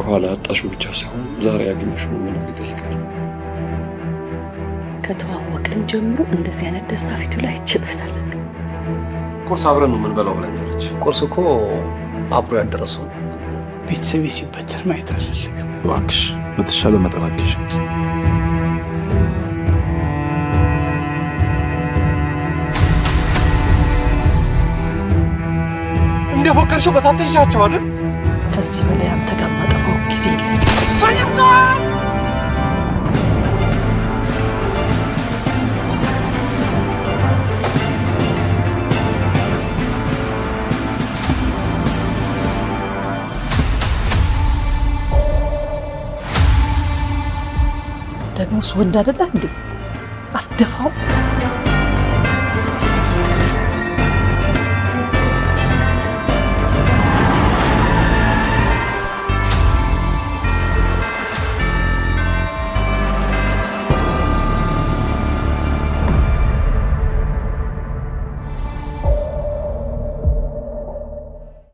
ከኋላ ያጣሽው ብቻ ሳይሆን ዛሬ ያገኘሽውን መኖር ይጠይቃል። ከተዋወቀን ጀምሮ እንደዚህ አይነት ደስታ ፊቱ ላይ ይችበታል። ቁርስ አብረን ነው ምን የምንበላው ብላኛለች። ቁርስ እኮ አብሮ ያደረሰው ቤተሰብ ሲበትር ማየት አልፈልግም። እባክሽ በተሻለ መጠናቀሽ እንደፎከርሽው በታተሻቸው አይደል? ከዚህ በላይ አንተ ጋር ማጠፋው ጊዜ የለም። ደግሞ ወንድ አይደለህ እንዴ? አስደፋው